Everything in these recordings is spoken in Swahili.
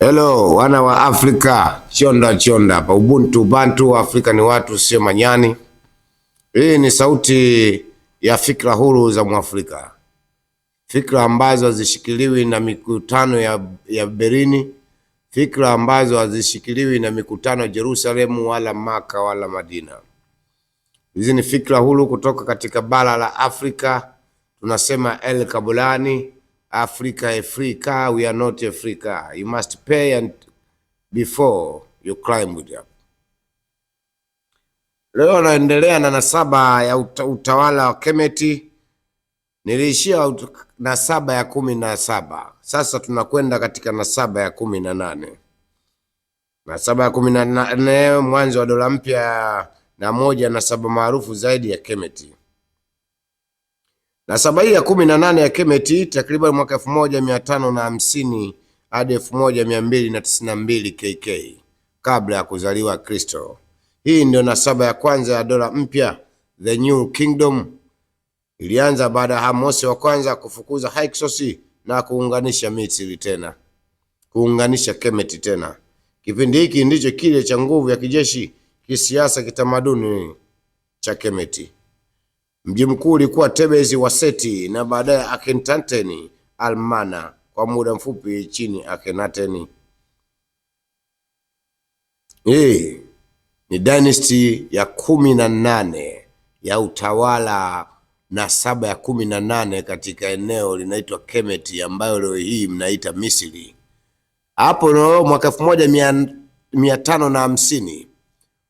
Hello wana wa Afrika, chonda chonda hapa. Ubuntu bantu, Afrika ni watu, sio manyani. Hii ni sauti ya fikra huru za Mwafrika, fikra ambazo hazishikiliwi na mikutano ya, ya Berini, fikra ambazo hazishikiliwi na mikutano ya Jerusalemu wala Maka wala Madina. Hizi ni fikra huru kutoka katika bara la Afrika, tunasema El Kabulani Africa, car, we are not car. You must pay and before you climb with them. Leo naendelea na nasaba ya utawala wa Kemeti. Niliishia nasaba ya kumi na saba, sasa tunakwenda katika nasaba ya kumi na nane. Nasaba ya kumi na nane, mwanzo wa dola mpya na moja, nasaba maarufu zaidi ya Kemeti na saba hii ya kumi na nane ya Kemeti takriban mwaka elfu moja mia tano na hamsini hadi elfu moja mia mbili na tisini na mbili KK kabla ya kuzaliwa Kristo. Hii ndio nasaba ya kwanza ya dola mpya the new kingdom ilianza baada ya Hamosi wa kwanza kufukuza Hyksos na kuunganisha Misri tena, kuunganisha Kemeti tena. Kipindi hiki ndicho kile cha nguvu ya kijeshi, kisiasa, kitamaduni cha Kemeti. Mji mkuu ulikuwa wa Waseti na baadaye Akhenaten Almana kwa muda mfupi chini Akhenaten. Hii ni dynasty ya kumi na nane ya utawala na saba ya kumi na nane katika eneo linaitwa Kemet ambayo leo hii mnaita Misri. Hapo no mwaka elfu moja mia tano na hamsini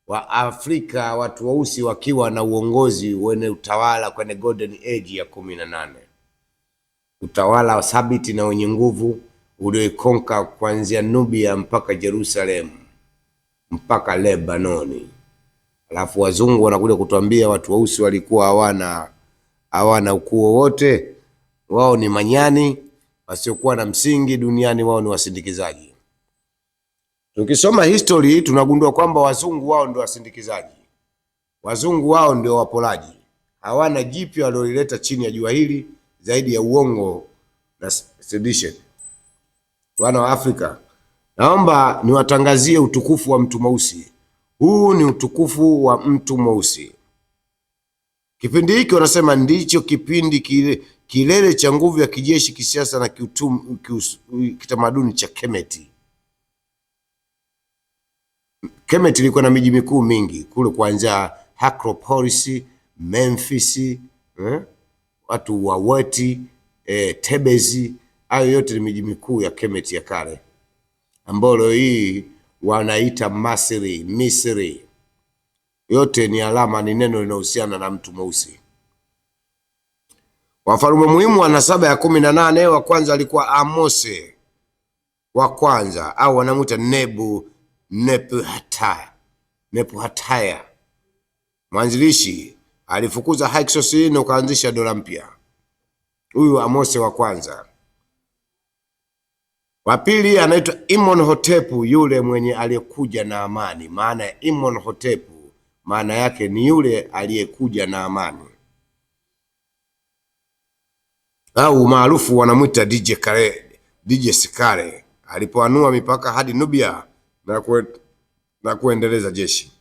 wa Afrika watu weusi wakiwa na uongozi wenye utawala kwenye golden age ya kumi na nane, utawala wa thabiti na wenye nguvu ulioikonka kuanzia Nubia mpaka Jerusalemu mpaka Lebanoni. Alafu wazungu wanakuja kutuambia watu weusi walikuwa hawana hawana ukuu wowote, wao ni manyani wasiokuwa na msingi duniani, wao ni wasindikizaji. Tukisoma history tunagundua kwamba wazungu wao ndio wasindikizaji, wazungu wao ndio wapolaji. Hawana jipya waliolileta chini ya jua hili zaidi ya uongo na sedition. Wana wa Afrika, naomba niwatangazie utukufu wa mtu mweusi. Huu ni utukufu wa mtu mweusi. Kipindi hiki wanasema ndicho kipindi kile, kilele cha nguvu ya kijeshi, kisiasa na kitamaduni cha Kemeti. Kemet ilikuwa na miji mikuu mingi kule kuanzia Acropolis, Memphis, eh? watu wa Weti, eh, Tebezi. Hayo yote ni miji mikuu ya Kemet ya kale, ambayo leo hii wanaita Masri, Misri. Yote ni alama, ni neno linahusiana na mtu mweusi. Wafalme muhimu wa nasaba ya kumi na nane wa kwanza alikuwa Amose wa kwanza, au wanamuita Nebu nepuhataya mwanzilishi alifukuza Hyksos na ukaanzisha dola mpya. Huyu Amose wa kwanza. Wa pili anaitwa Imonhotepu, yule mwenye aliyekuja na amani. Maana ya Imonhotepu, maana yake ni yule aliyekuja na amani, au maarufu wanamwita DJ Kale, DJ Sikare, alipoanua mipaka hadi Nubia na, kue, na kuendeleza jeshi.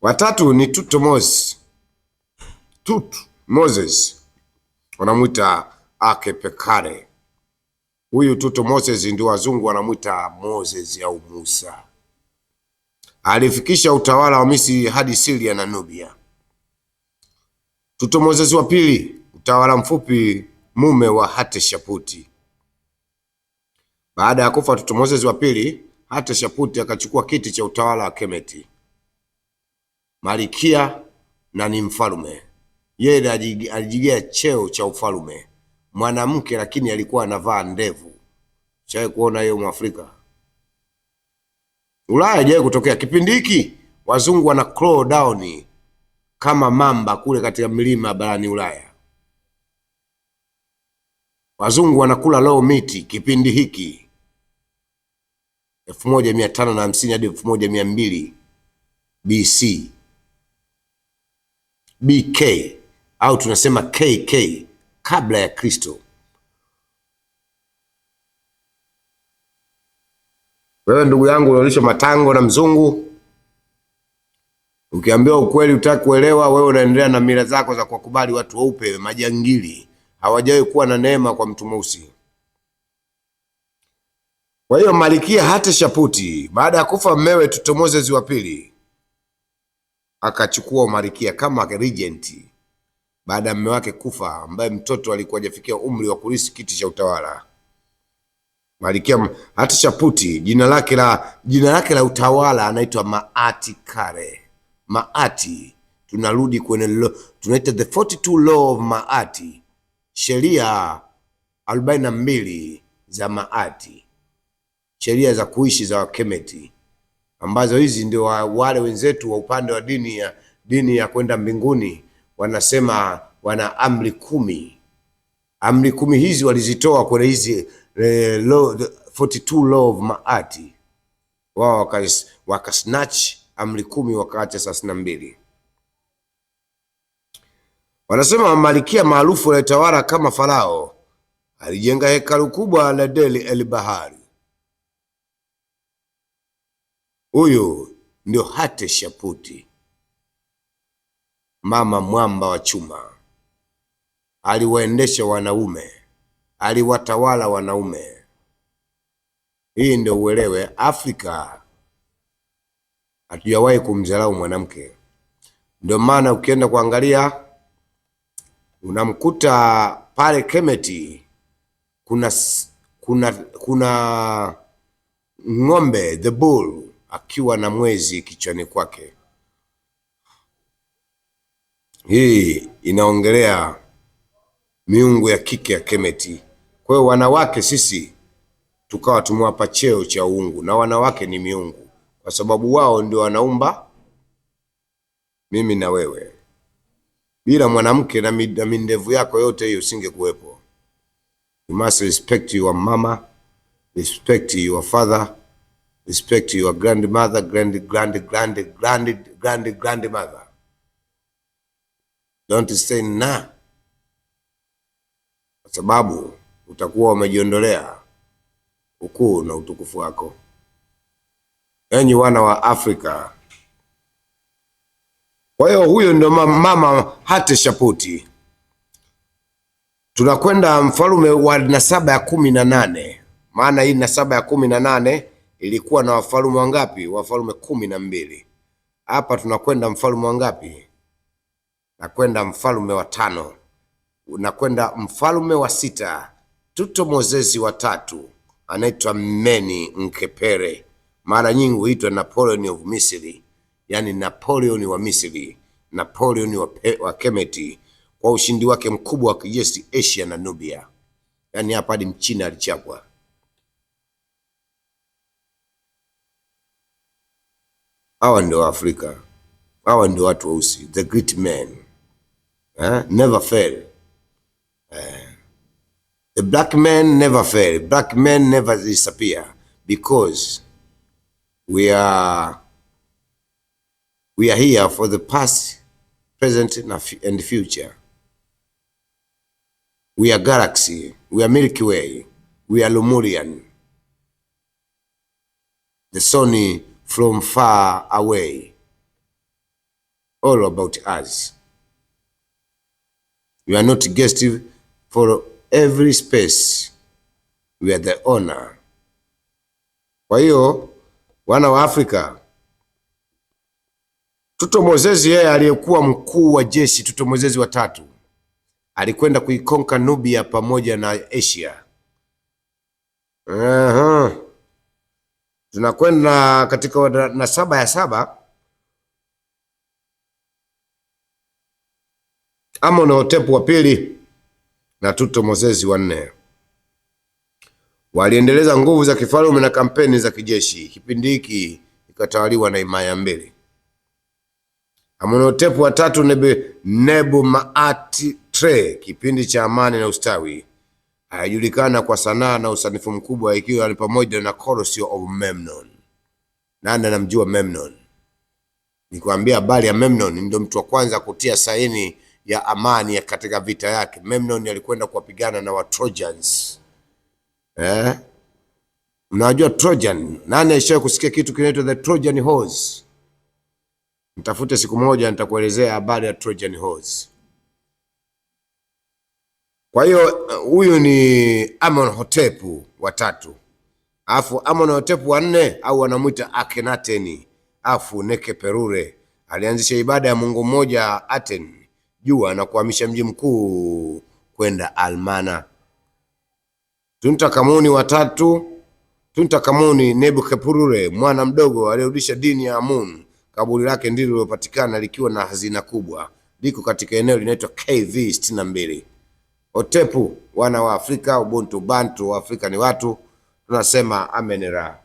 Watatu ni Tutu Moses, Tutu Moses wanamwita Akepekare. Huyu Tutu Moses ndio wazungu wanamwita Moses au Musa. Alifikisha utawala wa Misri hadi Siria na Nubia. Tutu Moses wa pili, utawala mfupi, mume wa Hatshepsut. Baada ya kufa watoto Moses wa pili, shaputi akachukua kiti cha utawala wa Kemeti, malikia na ni mfalume. Yeye alijigea cheo cha ufalume, mwanamke lakini alikuwa anavaa ndevu. Chawe kuona hiyo Mwafrika Ulaya haijawahi kutokea. Kipindi hiki wazungu wana claw down kama mamba kule katika milima barani Ulaya. Wazungu wanakula low miti kipindi hiki elfu moja mia tano na hamsini hadi elfu moja mia mbili BC BK au tunasema KK kabla ya Kristo. Wewe ndugu yangu unaolisha matango na mzungu, ukiambiwa ukweli utaki kuelewa, wewe unaendelea na mila zako za kuwakubali watu weupe, majangili. Hawajawahi kuwa na neema kwa mtu mweusi. Kwa hiyo Malikia hata shaputi baada ya kufa mmewe Tutmoses wa pili akachukua umalikia kama regent baada ya mme wake kufa, ambaye mtoto alikuwa hajafikia umri wa kurisi kiti cha utawala. Malikia Hatshaputi jina lake la jina lake la utawala anaitwa Maati Kare. Maati, tunarudi kwenye tunaita the 42 law of Maati, sheria arobaini na mbili za Maati sheria za kuishi za Wakemeti, ambazo hizi ndio wale wenzetu wa upande wa dini ya dini ya kwenda mbinguni wanasema wana amri kumi. Amri kumi hizi walizitoa kwenye hizi eh, law, 42 law of maati Wao wakasnatch amri kumi wakaacha thelathini na mbili. Wanasema malikia maarufu aliyetawala kama Farao alijenga hekalu kubwa la Deli el Bahari Huyu ndio Hate Shaputi, mama mwamba wa chuma. Aliwaendesha wanaume, aliwatawala wanaume. Hii ndio uelewe, Afrika hatujawahi kumdharau mwanamke. Ndio maana ukienda kuangalia unamkuta pale Kemeti kuna, kuna, kuna ng'ombe the bull akiwa na mwezi kichwani kwake. Hii inaongelea miungu ya kike ya Kemeti. Kwa hiyo wanawake sisi tukawa tumewapa cheo cha uungu, na wanawake ni miungu kwa sababu wao ndio wanaumba mimi na wewe. Bila mwanamke na mindevu yako yote hiyo usingekuwepo. You must respect your mama, respect your father respect your grandmother, grand, grand, grand, grand, grand, grandmother. Don't say na, kwa sababu utakuwa umejiondolea ukuu na utukufu wako. Enyi wana wa Afrika. Kwa hiyo huyo ndio mama hate shaputi. Tunakwenda mfalume wa nasaba ya kumi na nane, maana hii nasaba ya kumi na nane ilikuwa na wafalme wangapi? Wafalme kumi na mbili. Hapa tunakwenda mfalme wangapi? Nakwenda mfalme wa tano, nakwenda mfalme wa sita, Tuto Mozezi wa tatu anaitwa Meni Nkepere, mara nyingi huitwa Napoleon of Misri, yani Napoleon wa Misri, Napoleon wa, wa Kemeti kwa ushindi wake mkubwa wa kijeshi Asia na Nubia, yani hapa hadi mchina alichapwa. Hawa ndio Waafrika, hawa ndio watu weusi, the great men eh? never fail eh. the black men never fail, black men never disappear because we are we are here for the past, present and future. We are galaxy, we are Milky Way, we are lumurian the Sony from far away all about us we are not guests for every space we are the owner kwa hiyo wana wa Afrika Tuto Mozezi yeye aliyekuwa mkuu wa jeshi Tuto Mozezi wa tatu alikwenda kuikonka Nubia pamoja na Asia. Aha. Tunakwenda katika saba ya saba Amonotepu wa pili na Tuto Mozezi wa nne waliendeleza nguvu za kifalume na kampeni za kijeshi. Kipindi hiki ikatawaliwa na himaya mbili. Amonotepu wa tatu Nebu Maati Tre, kipindi cha amani na ustawi. Anajulikana kwa sanaa na usanifu mkubwa ikiwa ni pamoja na Colosseum of Memnon. Nani anamjua Memnon? Nikwambia habari ya Memnon, ndio mtu wa kwanza kutia saini ya amani ya katika vita yake. Memnon alikwenda ya kuwapigana na wa Trojans. Eh? Mnajua Trojan? Nani alishawahi kusikia kitu kinaitwa the Trojan horse? Mtafute siku moja nitakuelezea habari ya Trojan horse. Kwa hiyo uh, huyu ni Hotepu wa tatu, alafu Hotepu wa nne au anamwita Akhenaten afu Perure alianzisha ibada ya mungu mmoja Aten jua na kuhamisha mji mkuu kwenda Almana. Tuntakamuni watatu Tuntakamuni Nebukepurure mwana mdogo alirudisha dini ya Amun. Kaburi lake ndilo lilopatikana likiwa na hazina kubwa, liko katika eneo linaloitwa KV 62. Otepu wana wa Afrika, Ubuntu bantu wa Afrika ni watu, tunasema amenera.